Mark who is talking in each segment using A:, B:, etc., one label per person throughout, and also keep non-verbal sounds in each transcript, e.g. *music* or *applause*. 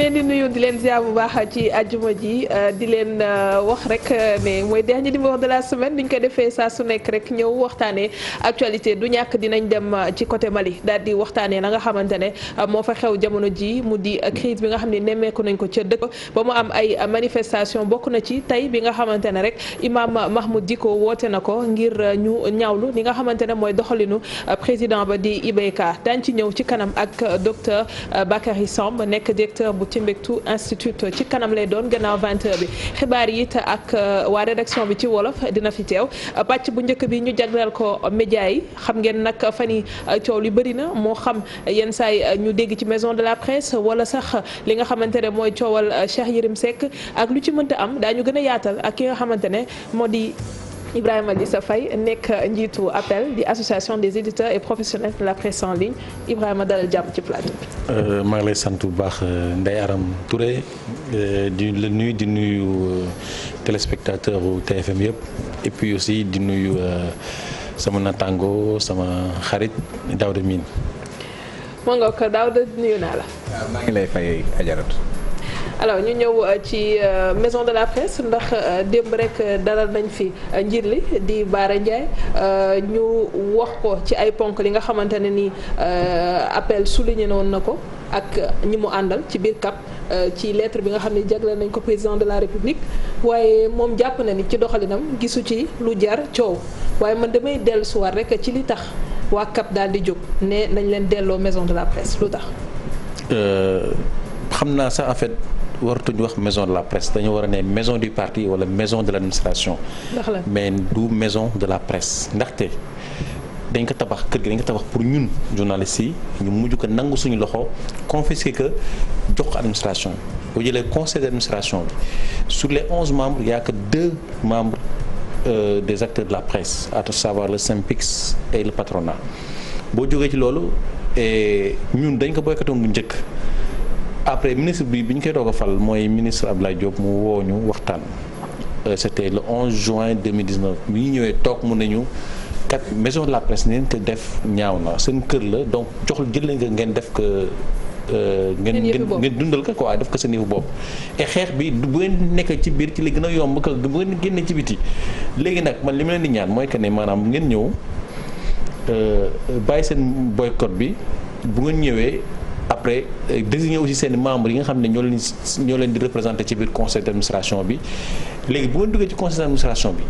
A: leen di di leen ziar bu baax ci àjjuma ji euh, di leen euh, wax rek mais euh, mooy dernier numéro de la semaine ni ñu koy defee saa su nekk rek ñëw waxtaanee actualité du ñàkk dinañ dem ci côté Mali daal di waxtaanee nanga nga xamante ne moo fa xew jamono ji mu di crise bi nga xam ne nemmeeku nañ ko ca dëkk ba mu am ay manifestation bokk na ci tey bi nga xamante ne rek Imam Mahmoud Dicko woote na ko ngir ñu ñaawlu li nga xamante ne mooy doxalinu président ba di IBK daañ ci ñëw ci kanam ak docteur Bakary Samb ci mbégtu institut ci kanam lay doon gannaaw 20h bi xibaar yi it ak uh, waa rédaction bi ci wolof dina fi teew uh, pacc bu njëkk bi ñu jagleel ko média yi xam ngeen nag fan yi uh, coow li bëri na moo xam yenn saay ñu dégg ci maison de la presse wala sax li nga xamante ne mooy coowal Cheikh Yérim sekk ak lu ci mënta am daañu gën a yaatal ak ki nga xamante ne moo di. Ibrahima sa fay nekk njiitu appel di association des éditeurs et professionnels de la presse en ligne Ibrahima dalal jàmm ci plateau bi.
B: Euh, maa ngi lay sant bu baax euh, Ndeye Aram Touré euh, di la nuyu di nuyu téléspectateur u TFM yëpp et puis aussi di nuyu sama natango sama xarit Daouda Mine.
A: moo nga ko Daouda nuyu naa la.
B: ngi lay fay ajaratu.
A: alors ñu ñëw euh, ci euh, maison de la presse ndax euh, démb rek dalal nañ fi njiit li di Bara Ndiaye ñu wax ko ci ay ponk li nga xamante ne ni appel souligné woon na ko ak ñi mu àndal ci biir CAP ci lettre bi nga xam ne jagleel nañ ko président de la république waaye moom jàpp na ni ci doxalinam gisu ci lu jar coow waaye man damay dellusiwaat rek ci li tax waa CAP daal di jóg ne nañ leen delloo maison de la presse lu tax.
B: xam naa sax en fait wartuñu wax maison de la presse dañu war a ne maison du parti wala maison de l'administration mais du maison de la presse ndaxte dañ ko tabax kër gi dañ ko tabax pour ñun journalistes yi ñu mujj ko nangu suñu loxo confisquer que jox ko administration boo jëlee conseil d'administration bi sur les onze membres il y a que deux membres euh, des acteurs de la presse à savoir le SYNPICS et le patronat boo jógee ci loolu ñun dañ ko boykatoon lu njëkk après ministre bi bi ñu koy doog a fal mooy ministre Abdoulaye Diop mu woo ñu waxtaan. Euh, c'était le 11 juin 2019 bi ñu ñëwee toog mu nañu kat maison la presse ni te def ñaaw na seen kër la donc jox jël leen nga ngeen def ko. Euh, ngeen ngeen dundal ko quoi def ko seen yëfu bopp. et xeex bi bu ngeen nekk ci biir ci li gën a yomb que bu ci biti léegi nag man li ma leen di ñaan mooy que ne maanaam ngeen ñëw euh, bàyyi seen boycott bi bu ngeen ñëwee. après euh, désigner aussi seen membres yi nga xam ne ñoo leen ñoo leen di représenter ci biir conseil d'administration bi léegi bu ngeen duggee ci conseil d'administration bi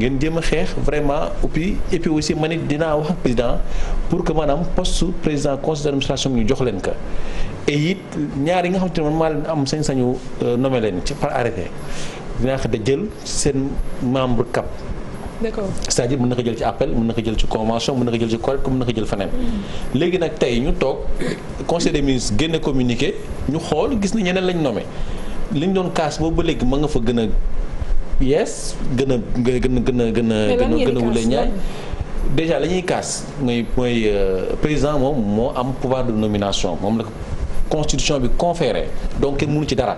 B: ngeen jëm a xeex vraiment et puis et puis aussi man it dinaa wax président pour que maanaam post président conseil d'administration bi ñu jox leen ka et it ñaar yi nga xam te ne man maa leen am sañ-sañu euh, nommer leen ci par arrêté dinaa ko jël seen membre cap d'accord c'est-à-dire mën na ko jël ci appel mën na ko jël ci convention mën na ko jël ci collecte mën na ko jël feneen. léegi nag tey ñu toog conseil des ministres génne communiqué ñu xool gis na ñeneen lañ nommé liñ doon kaas boobu ba léegi ma nga fa gën a yees gën a gën a gën a gën a gën a wule ñaay déjà la ñuy kaas mooy mooy euh, président moom moo am pouvoir de nomination moom la constitution bi conféré donc kenn mënu ci dara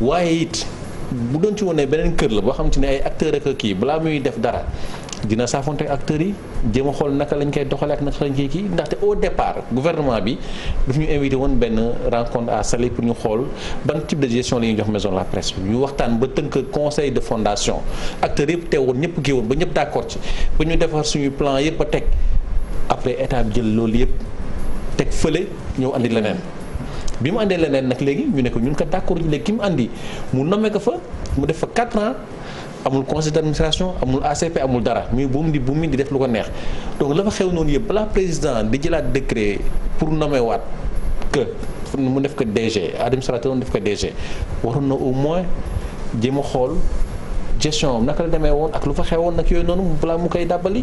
B: waaye it bu doon ci wone beneen kër la boo xam te ne ay acteurs ak kii balaa muy def dara dina saafonte acteurs yi jéem a xool naka lañ koy doxalee ak naka lañ koy kii ndaxte au départ gouvernement bi daf ñu invité woon benn rencontre à Saly pour ñu xool ban type de gestion la ñuy jox maison la presse ñu waxtaan ba tënk conseil de fondation acteurs yëpp teewoon ñëpp kii woon ba ñëpp d'accord ci ba ñu defar suñu plan yëpp a teg après état jël loolu yëpp teg fële ñëw andi leneen. bi mu àndee neen nag léegi ñu ne ko ñun ko d'accord ñu léegi ki mu àndi mu nomee ko fa mu def fa 4 ans amul conseil d'administration amul ACP amul dara muy buum di buum di def lu ko neex donc la fa xew noonu yëpp balaa président di jëlaat décret pour nommer waat que mu def ko DG administrateur def ko DG waroon na au moins jéem a xool. gestion am naka la demee woon ak lu fa woon nag yooyu noonu balaa mu koy dàbbali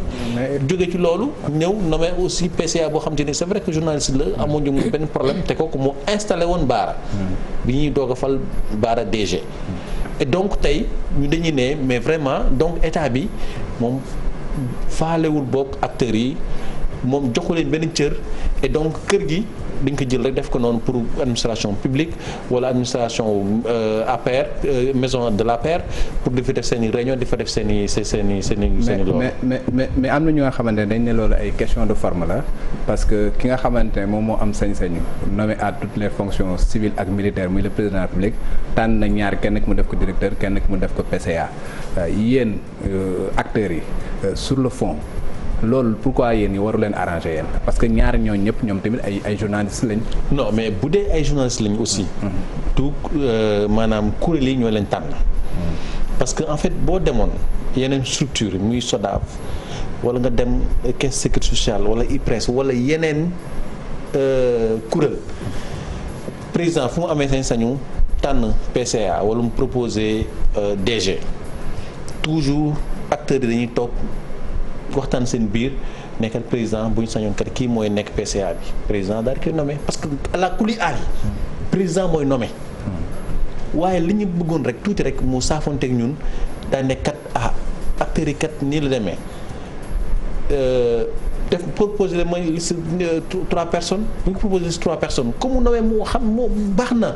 B: jóge ci loolu ñëw nommé aussi PCA boo xam te ni c'est vrai que journaliste la amoon ñu benn problème te kooku moo installé woon Baara bi ñuy doog a fal Baara DG et donc tey ñu dañuy ne mais vraiment donc état bi moom faalewul bokk acteurs yi moom joxu leen benn cër et donc kër gi dañ ko jël rek def ko noonu pour administration publique wala administration euh, APR euh, maison de l'APR pour di fi def seen i réunion di fa def seen i seen i seen i seen i loolu
C: mais mais am na ñu nga xamante ne dañ ne loolu ay question de forme la parce que ki nga xamante ne moom moo am sañ-sañu nommé à toutes les fonctions civiles ak militaires muy le président de tànn na ñaar kenn ki mu def ko directeur kenn ki mu def ko PCA euh, yéen acteurs yi sur le fond loolu pourquoi yéen yi waru leen arrangé
B: parce que ñaari ñooñu ñëpp ñoom tamit ay ay journalistes lañ. non mais bu dee ay journalistes lañ aussi. tout mm-hmm. euh, maanaam kuréel yi ñoo leen tànn. Mm-hmm. parce que en fait boo demoon yeneen structure muy SODAV wala nga dem caisse sécurité sociale wala IPRES wala yeneen euh, kuréel mm-hmm. président fu mu amee sañ-sañu tànn PCA wala mu proposé euh, DG toujours acteurs yi dañuy toog. waxtaan seen biir nekkat président bu ñu sañoon kat kii mooy nekk PCA bi président daal koy nommé parce que àla kuli aal président mooy nommé waaye li ñu bëggoon rek tuuti rek mu saafonteeg ñun daa nekkat ah yi kat nii la demee euh, def proposé la mooy liste euh, trois personnes mu ñu proposé liste trois personnes comme mu nommé mu xam moo baax na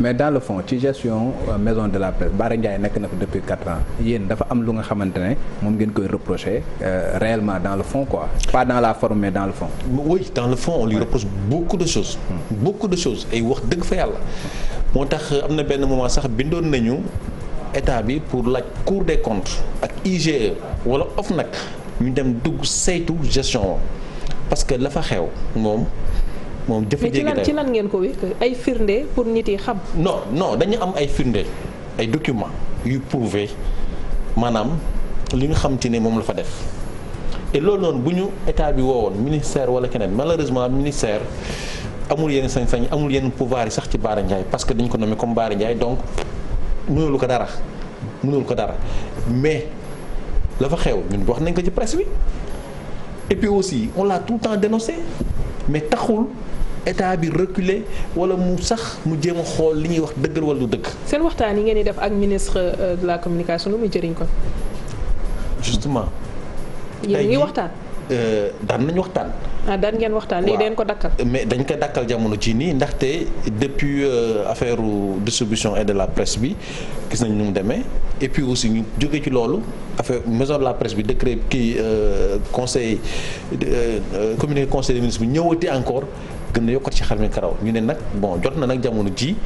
C: mais dans le fond ci gestion euh, maison de la presse Bara Ndiaye nekk na ko depuis quatre ans yéen dafa am lu nga xamante ne moom ngeen koy reprocher euh, réellement dans le fond quoi pas dans la forme mais dans le
B: fond. oui on lui reproche beaucoup de choses. Hmm. beaucoup de choses ay wax dëgg fa yàlla. moo tax euh, am na benn moment sax bindoon nañu état bi pour laaj cour des comptes ak IGE wala OFNAC ñu dem dugg saytu gestion parce que la fa xew moom. moom jëfandikoo mais ci lan ci
A: lan ngeen ko wékk ay firnde pour nit yi xam.
B: non non dañu am ay firnde ay document yu prouvé maanaam li nga xam ne moom la fa def te loolu noonu bu ñu état bi woowoon ministère wala keneen malheureusement ministère. amul yenn sañ-sañ amul yenn pouvoir yi sax ci Baara Ndiaye parce que dañ ko nommé comme Baara Ndiaye donc mënul ko dara mënul ko dara mais la fa xew ñun wax nañ ko ci presse bi et aussi on l'a tout le temps dénoncé mais taxul. état bi reculer wala mu sax mu jéem a xool li ñuy wax dëggal wallu dëkk
A: seen waxtaan yi ngeen di def ak ministre euh, de la communication lu muy jëriñ ko.
B: justement. yéen ngi waxtaan. Euh, daan nañu waxtaan.
A: ah daan ngeen waxtaan léegi dañ ko dakkal.
B: mais dañ ko dakkal jamono ci nii ndaxte depuis euh, affaire distribution et de la presse bi gis nañ nu mu demee et puis aussi ñu jóge ci loolu affaire maison de la presse bi décret kii conseil communiqué conseil des ministres bi ñëwati encore. gën a yokkat ci xar mi karaw ñu ne nag bon jot na nag jamono jii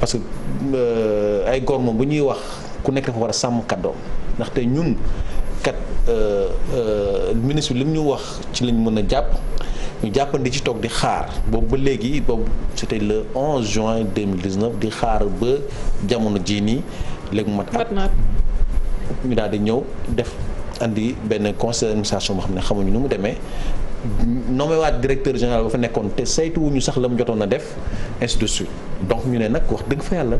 B: parce que euh, ay gorma bu ñuy wax ku nekk dafa war a sàmm kàddoom ndaxte ñun kat euh, euh, ministre bi li mu ñu wax ci lañ mën a jàpp ñu jàppandi ci toog di xaar boobu ba léegi boobu c'était le 11 juin 2019 di xaar ba jamono jii nii léegi mu mat at ñu daal di ñëw def andi benn conseil d'administration boo xam ne xamuñu nu mu demee nommé waat directeur général ba fa nekkoon te saytuwuñu sax la mu jotoon a def ainsi donc ñu ne nag wax dëgg fa yàlla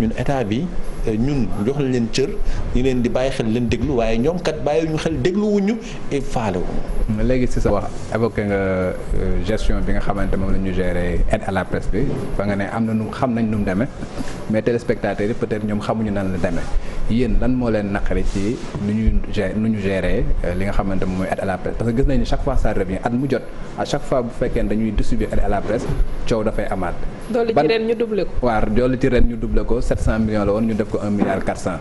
B: ñun état bi euh, ñun jox leen cër ñu leen di bàyyi xel leen déglu waaye ñoom kat ñu xel dégluwuñu et faale wuñu léegi si sa wax évoqué nga
C: euh, gestion bi nga xamante moom la ñu gérer aide à la presse bi fa nga ne am na nu xam nañ nu mu demee mais téléspectateurs yi peut-être ñoom xamuñu naan la demee yéen lan moo leen naqari ci nu ñuy gé nu ñu gérer euh, li nga xamante moom mooy aide à la presse parce que gis nañu chaque fois ça revient at mu jot à fois bu fekkee dañuy distribuer aide à la presse coow dafay amaat. doublé ko. waaw ti ren ñu doublé ko 700 millions la woon ñu def ko 1 milliard 400.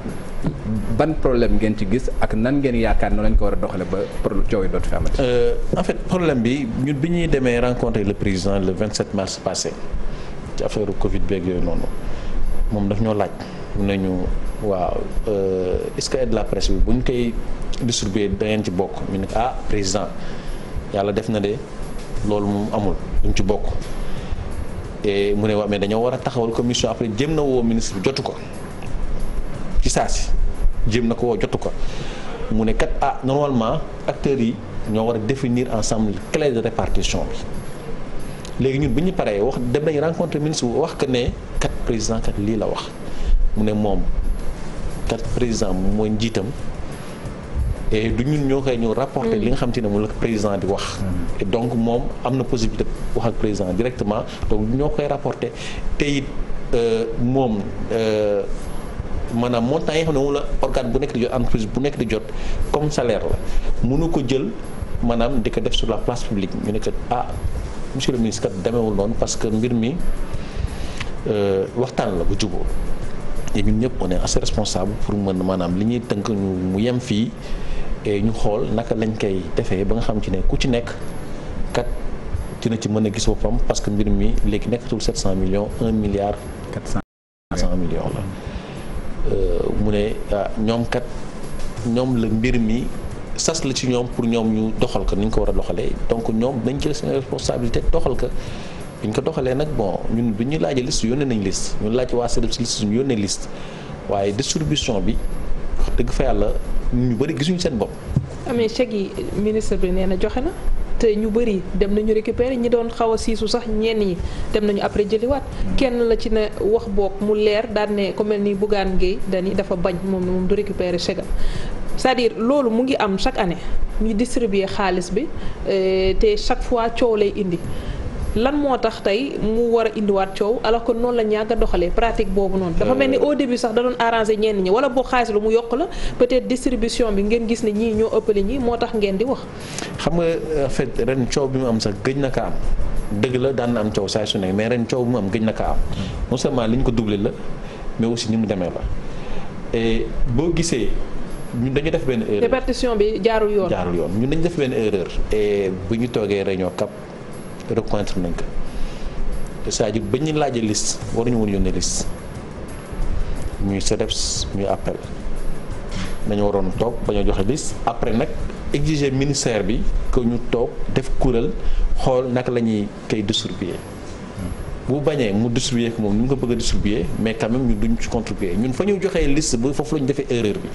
C: ban problème ngeen ci gis ak nan ngeen yaakaar noonu lañ ko war a doxalee ba pro coow yi dootu fi amati.
B: Euh, en fait problème bi ñun bi ñuy demee rencontrer le président le 27 mars passé ci affaire Covid beeg yooyu noonu moom daf ñoo laaj nañu waaw euh, est-ce que aide la presse bu ñu koy distribuer da ngeen ci bokk mu ne ah président yàlla def na de loolu moom amul duñ ci bokk. et mu ne wax mais dañoo war a taxawal commission après jéem na woo ministre bi jotu ko ci saasi jéem na ko woo jotu ko mu ne kat ah normalement acteurs yi ñoo war a définir ensemble clé de répartition bi léegi ñun bu ñu paree wax dem nañ rencontre ministre bu wax que ne kat président kat lii la wax mu ne moom kat président mooy njiitam. et du ñun ñoo koy ñëw rapporter mm. li nga xam te ne moom la président di wax. Mm. donc moom am na possibilité wax ak président directement donc ñoo koy rapporter te it euh, moom. Euh, maanaam montant yi xam ne moom la organe bu nekk di jot entreprise bu nekk di jot comme salaire la mënu ko jël maanaam di ko def sur la place publique ñu ne que ah monsieur le ministre kat demeewul noonu parce que mbir mi euh, waxtaan la bu jubóo et ñun ñëpp on est assez responsable pour mën maanaam li ñuy tënk ñu mu yem fii. et ñu xool naka lañ koy defee ba nga xam ci ne ku ci nekk kat dina ci mën a gis boppam parce que mbir mi léegi nekkatul million millions 1 milliard. 400 millions la. Euh, mu ne ah, ñoom kat ñoom la mbir mi sas la ci ñoom pour ñoom ñu doxal ko ni ñu ko war a doxalee donc ñoom dañ jël seen responsabilité doxal ko. bi ñu ko doxalee nag bon ñun bi ñu laajee liste yónnee nañ liste ñu laaj waa CEDEPS liste ñu yónnee liste waaye distribution bi wax dëgg fa yàlla. ñu bëri gisuñu seen bopp.
A: amee ah, chèque yi ministre bi nee na joxe na te ñu bëri dem nañu récupérer ñi doon xaw a siisu sax ñenn yi dem nañu après jëliwaat kenn la ci ne wax boog mu leer daan ne ku mel ni Bougane Gueye dani dafa bañ moom moom du récupérer chèque am cest loolu mu ngi am chaque année ñu distribuer xaalis bi eh, te chaque fois coow lay indi. lan moo tax tey mu war a indiwaat coow alors que noonu la ñàgg a doxalee pratique boobu noonu. dafa mel ni au début sax da doon arrangé ñenn ñi wala boo xaalis lu mu yokk la peut-être distribution bi ngeen gis ne ñii ñoo ëppale ñi moo tax ngeen di wax.
B: xam nga en ren coow bi mu am sax gëj na ka am dëgg la daan na saa su nekk mais ren coow mu am gëj na ka am non seulement li ñu ko doublé la mais aussi ni mu demee la et boo gisee. ñun dañu def benn erreur
A: répartition bi jaarul yoon jaarul
B: yoon ñun dañu def benn erreur. et bu ñu toogee réunion CAP reconnaître nañ ko te Sadio ba ñu laajee liste waruñu woon yónnee liste ñuy CDEPS ñuy appel nañu waroon toog ba ñu joxe liste après nag exiger ministère bi que ñu toog def kuréel xool nag la ñuy koy distribuer bu bañee mu distribuer ko moom ni mu ko bëgg a mais quand même ñu duñ ci contribuer ñun fa ñu joxee liste ba foofu la ñu defee erreur bi.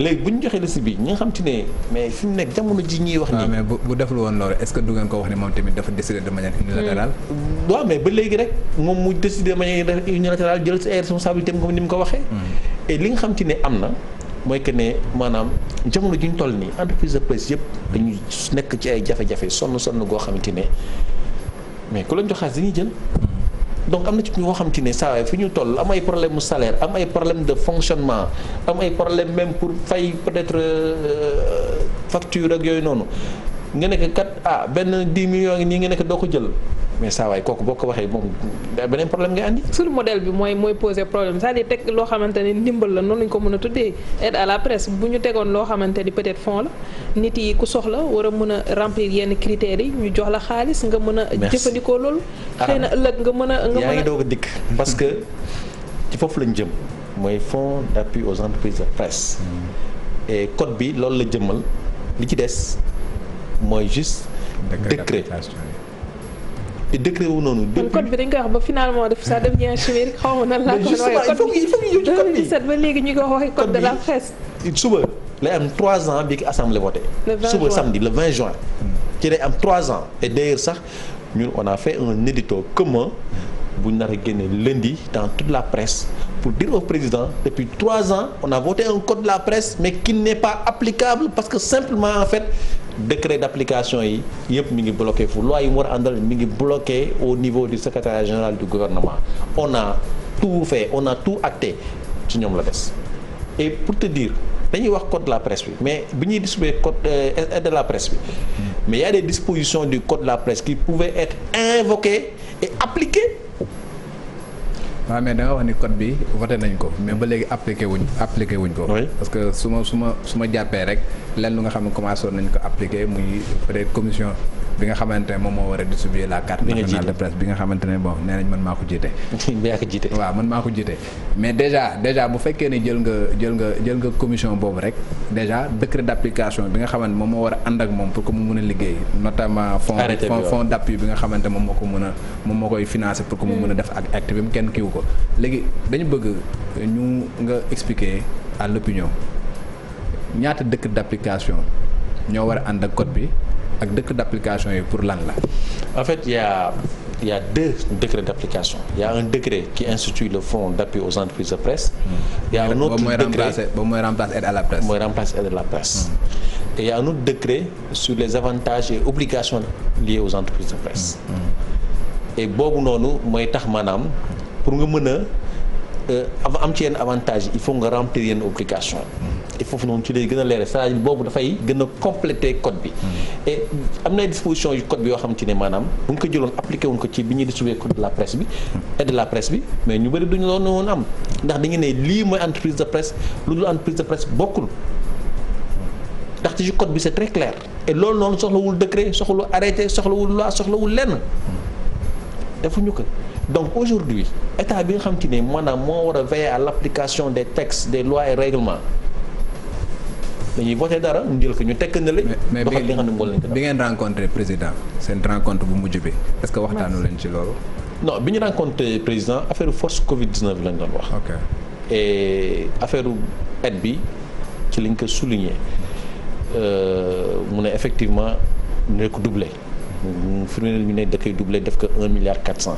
B: léegi bu ñu joxee liste bi ñi nga xam ne mais fi mu nekk jamono ji ñuy wax. nii mais bu deful woon loolu est-ce que du ngeen ko wax ni moom tamit dafa décider de manière hmm. waaw mais ba léegi rek moom mu décider de manière unilatérale jël sa ay responsabilités comme ni mu ko waxee. Hmm. et li nga xam te ne am na. mooy que ne maanaam jamono ji ñu toll nii entreprise de presse yëpp dañuy nekk ci ay jafe-jafe sonn sonn goo xamante ne mais ku leen joxaas dañuy jël. Hmm. donc am na ci ñoo xam ci ne saa fi ñu toll am ay problème mu salaire am ay problème de fonctionnement am ay problème même pour fay peut-être euh, facture ak yooyu noonu nga nekk kat ah benn 10 millions nii nga nekk doo ko jël. mais saa waay kooku boo ko waxee moom beneen problème ngay andi.
A: suñu modèle bi mooy mooy poser problème c'est-à-dire teg loo xamante ne ndimbal la noonu lañ ko mën a tuddee aide à la presse bu ñu tegoon loo xamante ni peut-être fond la nit yi ku soxla war a mën a remplir yenn critères yi ñu jox la xaalis nga mën a. jëfandikoo loolu. xëy na ëllëg nga mën a nga mën a yaa ngi doog
B: a dikk parce que ci foofu lañ jëm mooy fonds d'appui aux entreprises de presse. Hmm. et code bi loolu la jëmmal li ci des mooy juste décret décret wu noonu. depuis
A: code bi dañ koy wax ba def ça devient chimique xaw ma il faut ñu ci code bi 2017 léegi ñu ko waxee code de la presse.
B: suba lay am 3 ans bi ki assemblée voté. le juin suba samedi le 20 juin. ci lay am 3 ans et d'ailleurs sax ñun on a fait un édito commun bu ñu nar a génne lundi dans toute la presse pour dire au président depuis 3 ans on a voté un code de la presse mais qui n'est pas applicable parce que simplement en fait. décret d'application yi yëpp mi ngi bloqué fu loi yi mu war a àndal mi ngi bloqué au niveau du secrétariat général du gouvernement on a tout fait on a tout acté ci ñoom la des et pour te dire dañuy wax code de la presse bi mais bi ñuy distribuer code euh, de la presse bi mais il y a des dispositions du code de la presse qui pouvaient être invoquées et appliquées waaw mais
C: da nga wax ni code bi voté nañ ko mais ba léegi appliqué wuñ appliqué wuñ ko. parce que su ma su ma su ma jàppee rek lenn lu nga xam ne commencé woon nañ ko appliqué muy peut commission. bi nga xamante ne moom moo war a distribuer la carte nationale de presse bi nga xamante ne bon nee nañ man maa ko jiite *laughs* waaw man maa ko jiite mais déjà bu fekkee ne jël nga jël nga jël nga commission boobu rek déjà décret d'application bi nga xamante moom moo war a ànd ak moom pour que mu mën a liggéey notamment fond fond d'appui bi nga xamante moom moo ko mën a moom moo koy financer pour que mu mën a def ak acte bi mu kenn kiiw ko léegi dañu bëgg ñu nga expliquer à l'opinion ñaata décret d'application ñoo war a ànd ak code bi ak décret d'application yi pour lan la.
B: en fait il a il y a deux décrets d'application il y a un décret qui institue le fonds d'appui aux entreprises de presse. il y a un autre décret ba mooy remplacer ba mooy remplacer aide à la presse. mooy remplacer aide mm. sur les avantages et obligations liées aux entreprises de presse.
C: Mm. Mm.
B: et boobu noonu mooy tax maanaam pour nga mën a euh, am ci yenn avantage il faut nga remplir yenn obligation foofu noonu ci lay gën a leere cest boobu dafay gën a compléter code bi am na ay dispositions yu code bi yoo xam ne maanaam bu ñu ko jëloon appliqué wuñ ko ci bi ñuy distribuer code de la la presse bi mais ñu bëri duñu loon woon am ndax dañu ne lii mooy entreprise de presse lu dul entreprise de presse code bi c'est très clair et loolu noonu soxlawul décret soxlawul arrêté soxlawul soxlawul lenn defuñu ko donc aujourd'hui état bi nga xam ne maanaam moo war a veiller à l'application des textes des lois et règlements dañuy voté dara ñu jël ko ñu tekk na la. mais bi ngeen bi ngeen rencontré président seen
C: rencontre bu mujj bi parce ce que waxtaanu
B: leen ci loolu. non bi ñu rencontré président affaire force Covid 19 lañ doon wax. ok et affaire aide bi ci liñ ko souligné euh, mu ne effectivement ne ko doublé. fi mu ne ñu ne da koy def ko un milliard quatre cent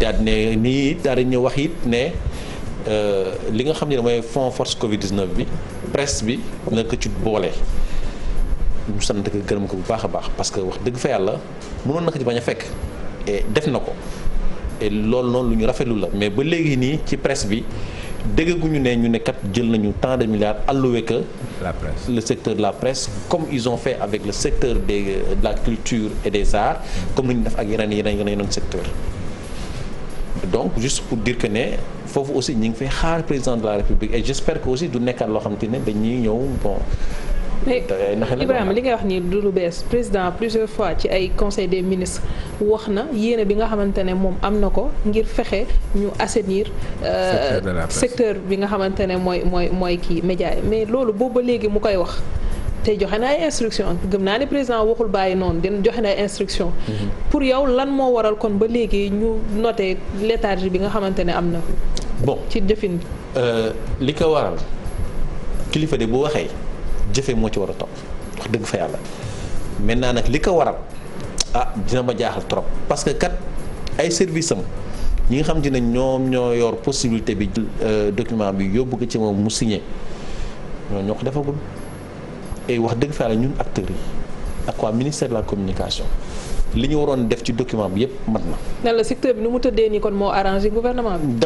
B: daal ne nii daal di ñu wax it ne euh, li nga xam ne mooy fonds force Covid 19 bi. presse bi na ko ci boole mu sant ko gërëm ko bu baax a baax parce que wax dëgg fa yàlla mënoon na ko ci bañ a fekk def na ko et loolu noonu lu ñu rafetlu la mais ba léegi nii ci presse bi déggaguñu ne ñu ne kat jël nañu tant de milliards alloué que la presse secteur la presse comme ils ont fait avec le secteur des de la culture et des arts comme ni ñu def ak yeneen yeneen yeneen secteur donc juste pour dire que ne foofu aussi ñu ngi fay xaar président de la république et j'espère que aussi du nekkaat loo xamante ne dañuy ñëw bon.
A: mais Ibrahima li ngay wax nii du lu bees président plusieurs fois ci ay conseil des ministres wax na yéene bi nga xamante ne moom am na ko ngir fexe ñu assainir secteur euh, bi nga xamante ne mooy mooy mooy kii média mais loolu boobu ba léegi mu koy wax. tey joxe naa ay instruction gëm naa ne président waxul bàyyi noonu dina joxe na ay instruction pour yow lan moo waral kon ba léegi ñu noté léthargie bi nga xamante ne am na bon ci jëfin bi
B: euh, li ko waral kilifa de bu waxee jëfe moo ci war a topp wax dëgg fa yàlla maintenant nag li ko waral ah dina ba jaaxal trop parce que kat ay service am ñi nga xam te ne ñoom ñoo yor possibilité bi euh, document bi yóbbu ko ci moom mu signé ñoo ñoo ko defagul et wax dëgg fa la ñun acteurs yi ak waa ministère de la communication li ñu waroon def ci document bi yëpp mat na.
A: ne la secteur bi nu mu tëddee nii moo arrangé gouvernement bi.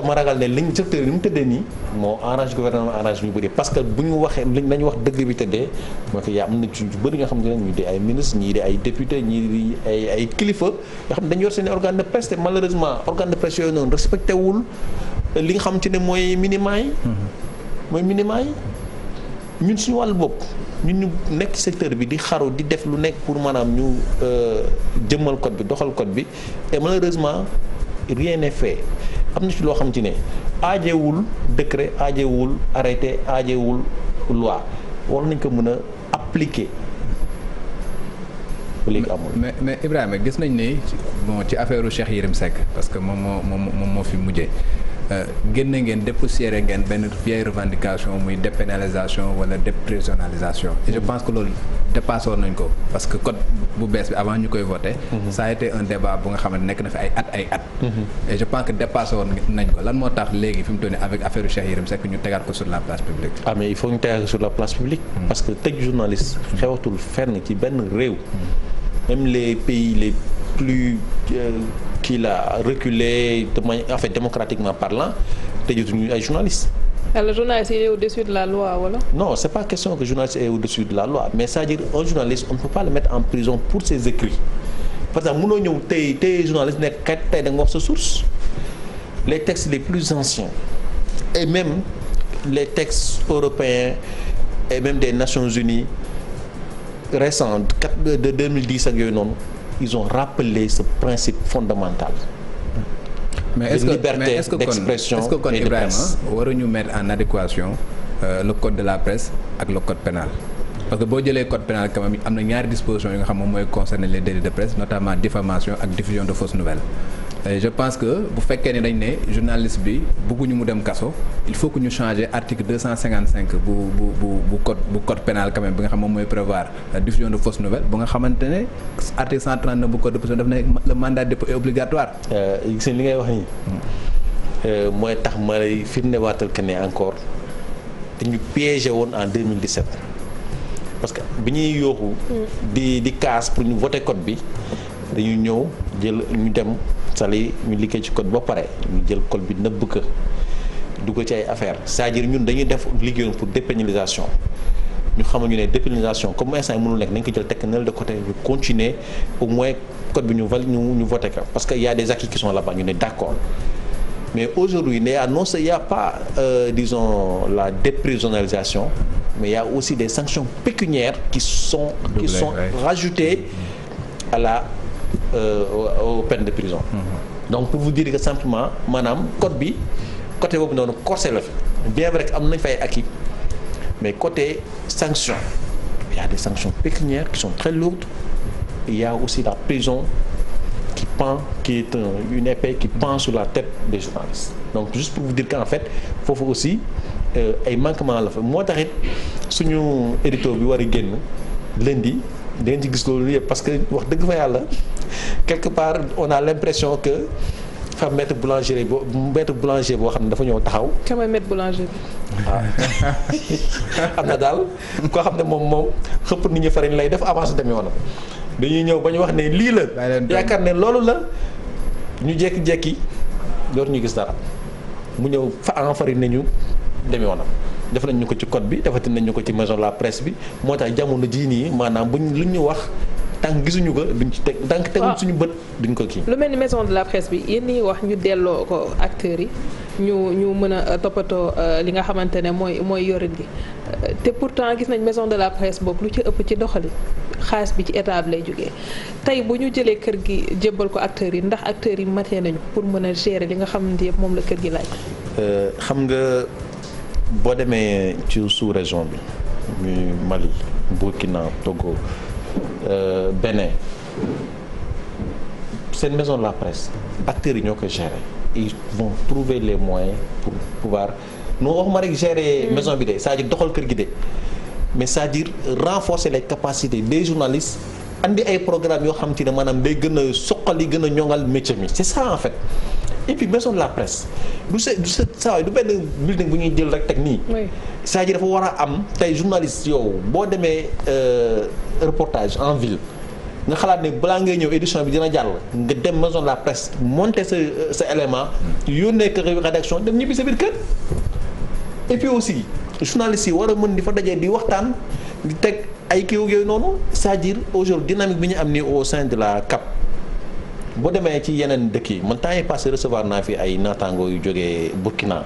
B: ñu bëri parce que bu ñu waxee lañu wax dëgg bi tëddee mooy que yaa am na ci bëri ñoo xam ne ñu di ay ministre ñii ay député ñii ay kilifa yoo xam ne dañu yor seen organe de presse te malheureusement organe de presse yooyu noonu respecté li xam ci ne mooy minima mm-hmm. mooy ñun ñu nekk secteur bi di xaru di def lu nekk pour maanaam ñu euh, jëmmal code bi doxal code bi et malheureusement rien n'est am na ci loo xam ci ne aajewul décret aajewul arrêté aajewul loi war nañ ko mën a appliquer. léegi amul mais mais Ibrahima gis
C: nañ ni bon ci affaire Cheikh Yérim Seck parce que moom moom moom moo fi mujjee. génne ngeen dépoussiéré ngeen benn vieille revendication muy dépénalisation wala déprisonnalisation et je pense que loolu dépassé woon nañ ko parce que code bu bees bi avant ñu koy voté ça été un débat bu nga xam nekk na fi ay at ay at et je pense que dépassé nañ ko lan moo tax léegi fi mu toll nii avec affaire Cheikh Yérim Seck ñu tegaat ko sur la place publique
B: ah il faut ñu tegaat ko sur la place publique hmm. parce que tëj journaliste xewatul fenn ci benn réew hmm. kii la reculé de manière en fait démocratiquement parlant tëjatuñu ay journalistes.
A: alors ah, journaliste yi au-dessus de la loi wala.
B: non c'est pas question que journaliste est au-dessus de la loi mais c'est-à-dire un journaliste on ne peut pas le mettre en prison pour ses écrits parce que mënoo ñëw tey tey journaliste nekk kat tey wax sa source les textes les plus anciens et même les textes européens et même des Nations Unies récents de 2010 ak yooyu noonu. ils ont rappelé ce principe fondamental. mais est-ce que liberté d'expression est-ce que
C: kon Ibrahima waruñu mettre en adéquation euh, le code de la presse ak le code pénal parce que boo jëlee code pénal quand même am na ñaari dispositions yi nga xam mooy concerner les de presse notamment diffamation ak diffusion de fausses nouvelles. et je pense que bu fekkee ne dañ ne journaliste bi bëgguñu mu dem kaso il faut que ñu changer article 255 bu bu bu bu code bu code pénal quand même bi nga xam moom mooy prévoir diffusion de fausses nouvelles xamante ne article 139 bu code de procédure
B: daf ne le mandat de dépôt est obligatoire. gis euh, li ngay wax nii. Euh, mooy tax ma lay firndewaatal que ne encore dañu piégé woon en 2017 parce que bi ñuy yooxu mm. di di casse pour ñu voter code bi dañu ñëw jël ñu dem. c'est-à-dire ñu liggéey ci code ba pare ñu jël code bi nëbb ko dugg ci ay affaire cest ñun dañuy def liggéeyoon pour dépénalisation ñu xamal ñu ne dépénalisation comme instant yi mënul nekk nañ ko jël tekk nel de côté ñu continuer au moins ñu val ñu parce que y a des acquis qui sont là-bas ne a non pas euh, disons la déprisonnalisation mais ya y aussi des sanctions pécuniaires qui sont qui sont la Euh, aux peines de prison. Mhm. donc pour vous dire que simplement maanaam code bi côté boobu noonu corsé la fi bien vrai que am nañ fay acquis mais côté sanction il y a des sanctions qui sont très lourdes il aussi la prison qui pend qui est une épée qui pend sur la tête des journalistes donc juste pour vous dire qu'en fait foofu aussi euh, ay manquement la fa moo taxit suñu édito bi war a génn di dangeen ci gis loolu yëpp parce que wax dëgg fa yàlla quelque part on a l'impression que dafa am maître boulangerie boo boo xam ne dafa ñëw taxaw. ka may ah. *laughs* am na daal koo xam ne moom moom xëpp nit ñi fariñ lay def avance dem yoonam dañuy ñëw ba ñu wax ne lii la. yaakaar ne loolu la ñu jékki-jékki dootu ñu gis dara mu ñëw fa enfariñ nañu dem yoonam. def nañ ñu ko ci code bi defati nañ ñu ko ci maison la presse bi moo tax jamono jii nii maanaam bu luñ ñu wax. tànk gisuñu ko duñ ci teg tànk teguñ ah. suñu bët duñ ko kii.
A: lu mel ni maison de la presse bi yéen ñi wax ñu delloo ko acteurs yi ñu ñu mën a euh, toppatoo euh, li nga xamante ne mooy mooy yorin gi euh, te pourtant gis nañ maison de la presse boobu lu ci ëpp ci doxali xaalis bi ci état lay jógee tey bu ñu jëlee kër gi jébbal ko acteurs yi ndax yi matee nañu pour mën a gérer li nga xamante yëpp moom la kër gi laaj.
B: xam nga boo demee ci sous-région bi muy Mali Burkina Togo. Euh, Bénin seen maison la presse acteurs yi ñoo ko gérer ils vont trouver les moyens pour pouvoir nu waxuma rek gérer hmm. maison bi de cest doxal kër gi de mais cest à renforcer les capacité des journalistes andi ay programmes yoo xam te ne maanaam day gën a yi gën a ñoŋal métier mi c'est ça en fait et puis maison la presse du sa du saa du benn building bu ñuy jël rek teg nii. saa dafa war a am tey journaliste yow boo demee euh, reportage en ville. nga xalaat ne balaa ngay ñëw édition bi dina jàll nga dem maison de la presse monte sa euh, sa élément yónnee ko rédaction dem ñibbi sa biir kër et puis aussi journalistes yi war a mën di fa dajee di waxtaan teg ay kii yooyu noonu c'est-à-dire aujourd'hui bi ñu am nii au sein de la CAP boo demee ci yeneen dëkk yi man temps yi passé recevoir naa fi ay naataango yu jógee Burkina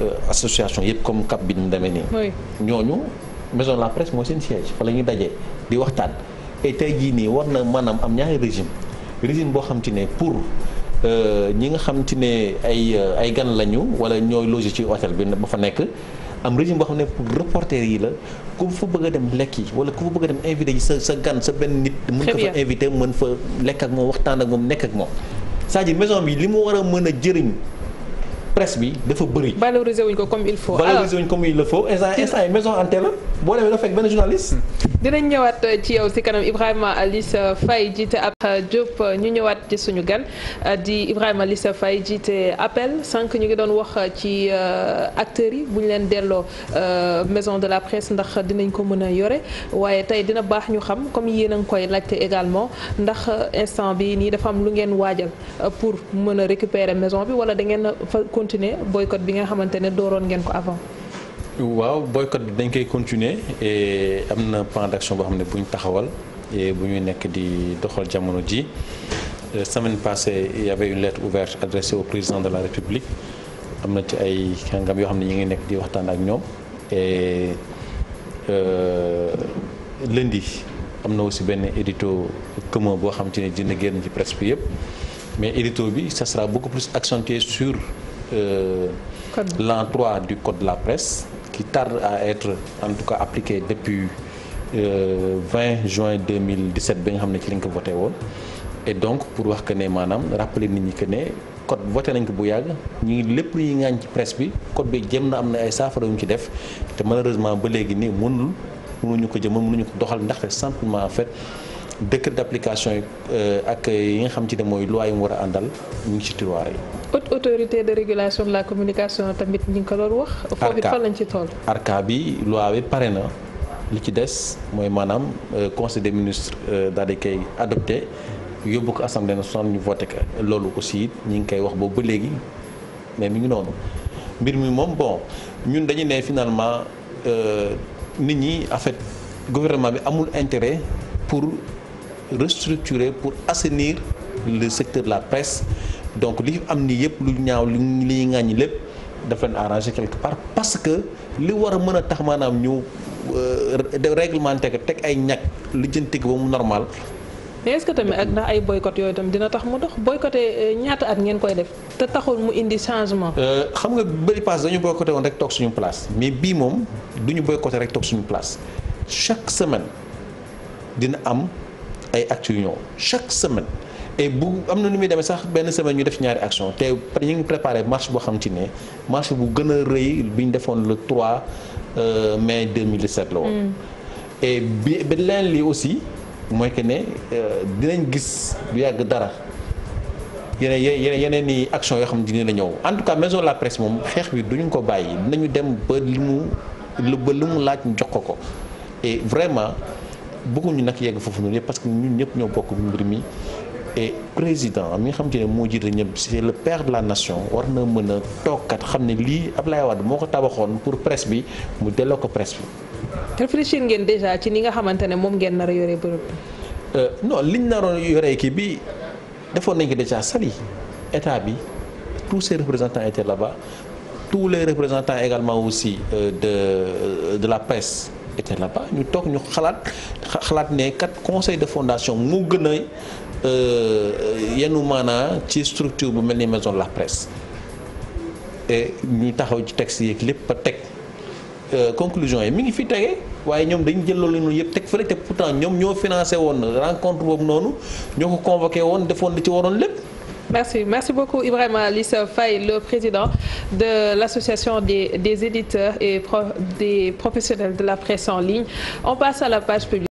B: euh, association yëpp comme CAP bi ni demee nii. ñooñu maison de la presse mooy seen siège fa la ñuy dajee di waxtaan. et tey jii nii war na maanaam am ñaari régime régime boo xam te ne pour euh, ñi nga xam te ne ay euh, ay gan lañu wala ñooy loger ci hôtel bi ba fa nekk. am régime boo xam ne pour reporter yi la ku fa bëgg a dem lekk yi wala ku fa bëgg dem invité yi sa sa gan sa benn nit. mën ko fa invité mën fa lekk ak moom waxtaan ak moom nekk ak moom. sa à dire maison bi li mu war a mën a jëriñ. presse bi dafa bëri. valoriser wuñ ko comme il faut valoriser wuñ comme il ah. fekk benn
A: journaliste. Hmm. dinañ ñëwaat euh, ci yow si kanam Ibrahima Lissa euh, Faye jiite ab euh, Diop ñu ñëwaat ci suñu gan di Ibrahima Lissa Faye jiite appel sànq ñu ngi doon wax ci acteurs yi bu ñu leen delloo maison de la presse ndax dinañ ko mën a yore waaye tey dina baax ñu xam comme yéen a ngi koy laajte également ndax instant bi nii dafa am lu ngeen waajal pour mën récupérer maison bi wala da ngeen fa continuer boycott bi nga xamante ne dooroon ngeen ko avant.
B: waaw boycott bi dañ koy continuer et am na plan d'action boo xam ne bu ñu taxawal et bu ñuy nekk di doxal jamono ji euh, semaine passée il y avait une lettre ouverte adressée au président de la République am na ci ay kàngam yoo xam ne ñu ngi nekk di waxtaan ak ñoom et euh, lundi am na aussi benn édito commun boo xam ci ne dina génn ci presse bi yëpp mais édito bi ça sera beaucoup plus accentué sur. euh, l'an 3 du code de la presse qui tarde a être en tout cas appliqué depuis euh, 20 juin 2017 bi nga xam ne ci lañ ko voté woon et donc pour wax que ne maanaam rappeler nit ñi que ne code voté nañ ko bu yàgg ñu ngi lépp lu ñuy ŋaañ ci presse bi code bi jëm na am na ay saafara yu ci def te malheureusement ba léegi nii mënul mënuñu ko jëmal mënuñu ko doxal ndax simplement en fait décret d'application yi euh, ak yi nga xam ci ne mooy loi yi mu war a àndal ñu ngi ci tiroir yi.
A: haute autorité de régulation de la communication tamit ñu ngi ko doon wax. arca foofu fan lañ
B: bi loi bi pare na li ci des mooy maanaam euh, conseil des ministres euh, daal di koy adopté yóbbu ko assemblée nationale ñu voté ko loolu aussi ñu ngi koy wax boobu ba léegi mais mi ngi noonu mbir mi moom bon ñun dañu ne finalement nit ñi en fait bi amul intérêt pour. restructurer pour assainir le secteur de la presse donc li am nii yëpp lu ñaaw li ñuy ñi lépp dafa leen arrangé quelque part parce que li war a mën a tax maanaam ñu euh, réglementé ko teg ay ñàkk lijjanti ko ba mu normal.
A: mais est-ce que tamit ak ndax ay boycott yooyu tamit dina tax mu dox boycotté euh, ñaata at ngeen koy def te taxul mu indi changement.
B: Euh, xam nga bëri pass dañu boycotté woon rek toog suñu place mais bii moom du ñu boycotté rek toog place chaque semaine dina am. ay actes yu ñëw chaque semaine et bu am na nu muy demee sax benn semaine ñu def ñaari action te ñu ngi préparé marche boo xam ci ne marche bu gën a rëy bi ñu defoon le 3 mais 2017 la woon. Mm. et bi bi leen lii aussi mooy que ne euh, dinañ gis du yàgg dara yeneen yeneen i action yoo xam ne dina la ñëw en tout cas maison de la presse moom xeex bi duñu ko bàyyi dinañu dem ba li mu ba li mu laaj mu jox ko ko vraiment. bëgguñu nag yegg foofu noonu yëpp parce que ñun ñëpp ñoo bokk mbir mi et président mi nga xam te ne moo jiite ñëpp c'est le père de la nation war na mën a toogkat xam ne lii Ablaye Wade moo ko tabaxoon pour presse bi mu delloo ko presse bi.
A: réfléchir ngeen déjà ci ni nga xamante ne moom ngeen nar a yore bërëb.
B: Euh, non liñ naroon yore kii bi defoon nañ ko déjà sali état bi tous ses représentants étaient là-bas tous les représentants également aussi euh, de euh, de la presse. étaient là-bas ñu toog ñu xalaat xalaat ne kat conseil de fondation mu gën a euh, yenu maanaa ci structure bu mel ni maison la presse et ñu taxaw ci texte yeeg lépp a teg euh, conclusion yi mu ngi fi tege waaye ñoom dañu jël loolu noonu yëpp teg fële te pourtant ñoom ñoo financé woon rencontre boobu noonu ñoo ko convoqué woon defoon li ci waroon lépp
A: Merci, merci beaucoup Ibrahima Lissa Faye, le président de l'association des, des éditeurs et pro, des professionnels de la presse en ligne. On passe à la page publique.